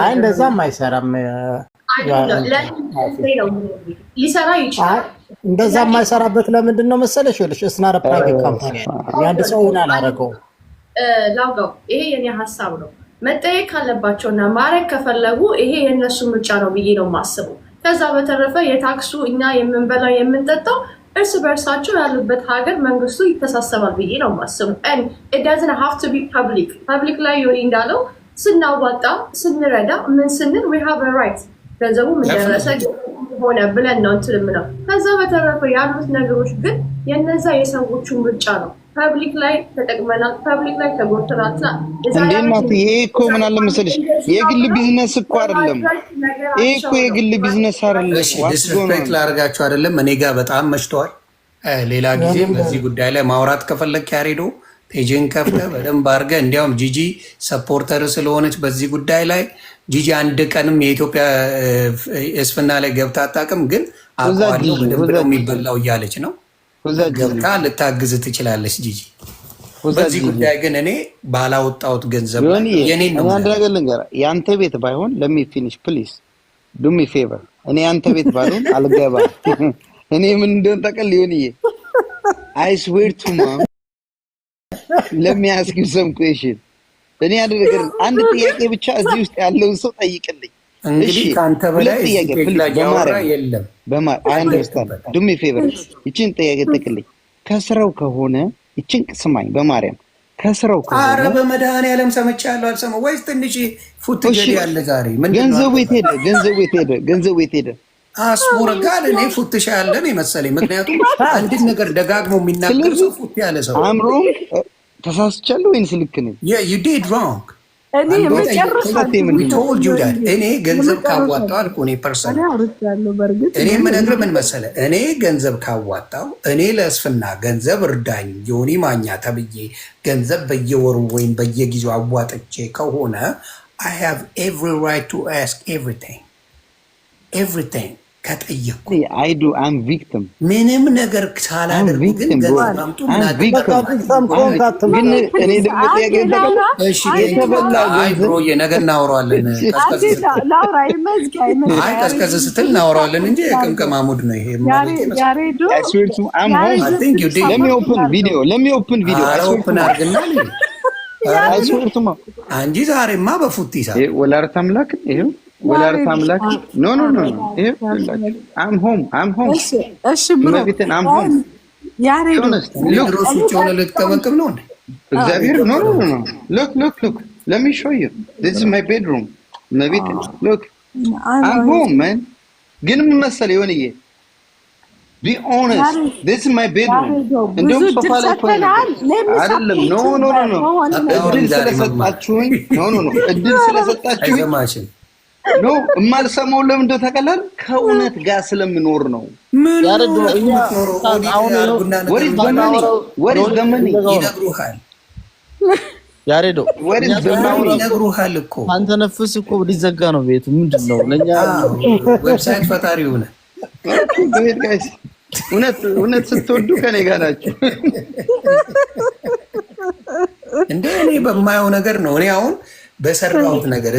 አይ እንደዛም አይሰራም። ሊሰራ ይችላል። እንደዛ የማይሰራበት ለምንድን ነው መሰለሽ? ይኸውልሽ እስናረ ፕራይቬት ካምፓኒ የአንድ ሰው ሆን አላረገው ላውጋው። ይሄ የኔ ሀሳብ ነው። መጠየቅ ካለባቸውና ማድረግ ከፈለጉ ይሄ የእነሱ ምርጫ ነው ብዬ ነው የማስበው። ከዛ በተረፈ የታክሱ እኛ የምንበላው የምንጠጣው እርስ በእርሳቸው ያሉበት ሀገር መንግስቱ ይተሳሰባል ብዬ ነው የማስበው። ን ኢት ዳዝንት ሃቭ ቱ ቢ ፐብሊክ ፐብሊክ ላይ ዮኒ እንዳለው ስናዋጣ ስንረዳ ምን ስንል ዊ ሃቭ ራይት ገንዘቡ ምንደረሰ ሆነ ብለን ነው እንትልም ነው። ከዛ በተረፈ ያሉት ነገሮች ግን የነዛ የሰዎቹ ምርጫ ነው። ፐብሊክ ላይ ተጠቅመናል፣ ፐብሊክ ላይ ተጎድተናል። እንዴናት ይሄ እኮ ምን አለ መሰለሽ የግል ቢዝነስ እኮ አይደለም። ይሄ እኮ የግል ቢዝነስ አይደለም። ዲስፔክት ላደርጋችሁ አይደለም። እኔ ጋር በጣም መሽተዋል። ሌላ ጊዜ በዚህ ጉዳይ ላይ ማውራት ከፈለግ ያሬዶ ፔጅን ከፍተህ በደንብ አድርገህ እንዲያውም ጂጂ ሰፖርተር ስለሆነች በዚህ ጉዳይ ላይ ጂጂ አንድ ቀንም የኢትዮጵያ እስፍና ላይ ገብታ አታውቅም፣ ግን አውቀዋለሁ የሚበላው እያለች ነው ገብታ ልታግዝ ትችላለች ጂጂ። በዚህ ጉዳይ ግን እኔ ባላወጣሁት ገንዘብ አንድ ነገር ልንገርህ፣ የአንተ ቤት ባይሆን ለሚፊኒሽ ፕሊስ ዱሚ ፌቨር እኔ አንተ ቤት ባልሆን አልገባም። እኔ ምን እንደሆነ ጠቀል ሊሆንዬ አይስዌር ቱማም let me ask you some question እኔ ያደረገ አንድ ጥያቄ ብቻ እዚህ ውስጥ ያለውን ሰው ጠይቅልኝ። እንግዲህ ከአንተ በላይ የለም። ዱሜ ፌቨር ይችን ጥያቄ ጠቅልኝ። ከስረው ከሆነ ይችን ስማኝ፣ በማርያም ከስረው ከሆነ ኧረ በመድኃኒዓለም ሰምቻለሁ። አልሰማሁም ወይስ ትንሽ ፉት ያለ ዛሬ ገንዘቡ የት ሄደ? ገንዘቡ የት ሄደ? ገንዘቡ የት ሄደ? እኔ ፉትሻ ያለን የመሰለኝ። ምክንያቱም አንድን ነገር ደጋግሞ የሚናገር ሰው ፉት ያለ ሰው አእምሮም ተሳስቻለሁ ወይንስ ልክ ነኝ? እኔ ገንዘብ ካዋጣው አልኩህ። እኔ ፐርሰን እኔ የምነግርህ ምን መሰለህ፣ እኔ ገንዘብ ካዋጣው እኔ ለእስፍና ገንዘብ እርዳኝ ዮኒ ማኛ ተብዬ ገንዘብ በየወሩ ወይም በየጊዜው አዋጥቼ ከሆነ አይ ሃቭ ኤቭሪ ራይት ቱ አስክ ኤቭሪቲንግ ኤቭሪቲንግ ከጠየቅኩ አይዱ አም ቪክቲም ምንም ነገር ሳላደርግ ግን ገንዘብ አምጡ ነገ እናወራዋለን። ቀዝቀዝ ስትል እናወራዋለን እንጂ የቅምቅም አሙድ ነው ይሄ። ኦፕን ዛሬማ በፉት ይሳል ወላርት አምላክን ይሄው ወላዲተ አምላክ ኖ ኖ ኖ ኖ አም ሆም አም ሆም እሺ ብሎ አም አም ሆም ግን ምን መሰለህ ቢ ኦነስት this is my ሶፋ ላይ አይደለም ኖ ኖ ኖ እድል ስለሰጣችሁኝ ኖ ኖ ኖ እድል ስለሰጣችሁኝ ነው የማልሰማው። ለምን እንደው ተቀላል ከእውነት ጋር ስለምኖር ነው። ያሬዶ ይነግሩሃል እኮ አንተ ነፍስ እኮ ሊዘጋ ነው ቤቱ። ምንድን ነው ለእኛ ዌብሳይት ፈጣሪ ሆነ። እውነት እውነት ስትወዱ ከኔ ጋር ናቸው። እንደ እኔ በማየው ነገር ነው እኔ አሁን በሰራሁት ነገር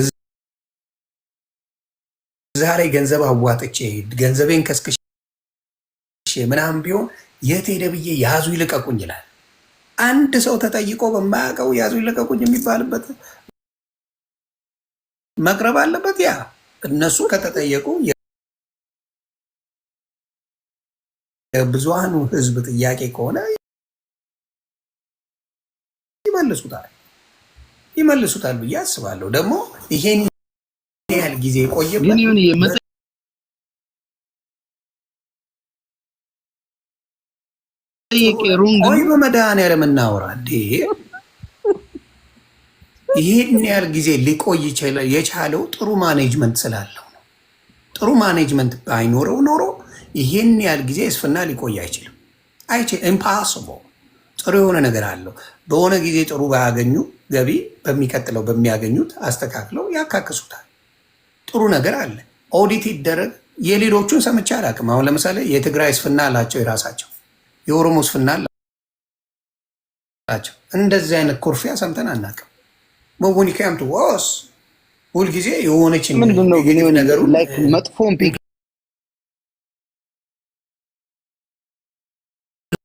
ዛሬ ገንዘብ አዋጥቼ ገንዘቤን ከስክሽ ምናምን ቢሆን የት ሄደ ብዬ ያዙ ይልቀቁኝ ይላል። አንድ ሰው ተጠይቆ በማያውቀው ያዙ ይልቀቁኝ የሚባልበት መቅረብ አለበት። ያ እነሱ ከተጠየቁ የብዙሃኑ ሕዝብ ጥያቄ ከሆነ ይመልሱታል ይመልሱታል ብዬ አስባለሁ ደግሞ ይሄን ያህል ጊዜ የቆየበት ወይ በመድኃኒዓለም እናውራ ይህን ያህል ጊዜ ሊቆይ የቻለው ጥሩ ማኔጅመንት ስላለው ነው። ጥሩ ማኔጅመንት ባይኖረው ኖሮ ይህን ያህል ጊዜ እስፍና ሊቆይ አይችልም። አይችልም። ኢምፓስቦ ጥሩ የሆነ ነገር አለው። በሆነ ጊዜ ጥሩ ባያገኙ ገቢ በሚቀጥለው በሚያገኙት አስተካክለው ያካክሱታል። ጥሩ ነገር አለ። ኦዲት ይደረግ። የሌሎቹን ሰምቼ አላውቅም። አሁን ለምሳሌ የትግራይ እስፍና አላቸው የራሳቸው፣ የኦሮሞ እስፍና አላቸው። እንደዚህ አይነት ኩርፊያ ሰምተን አናውቅም። መቦኒካያምቱ ዋስ ሁልጊዜ የሆነች ምንድን ነው ግን ነገሩ መጥፎን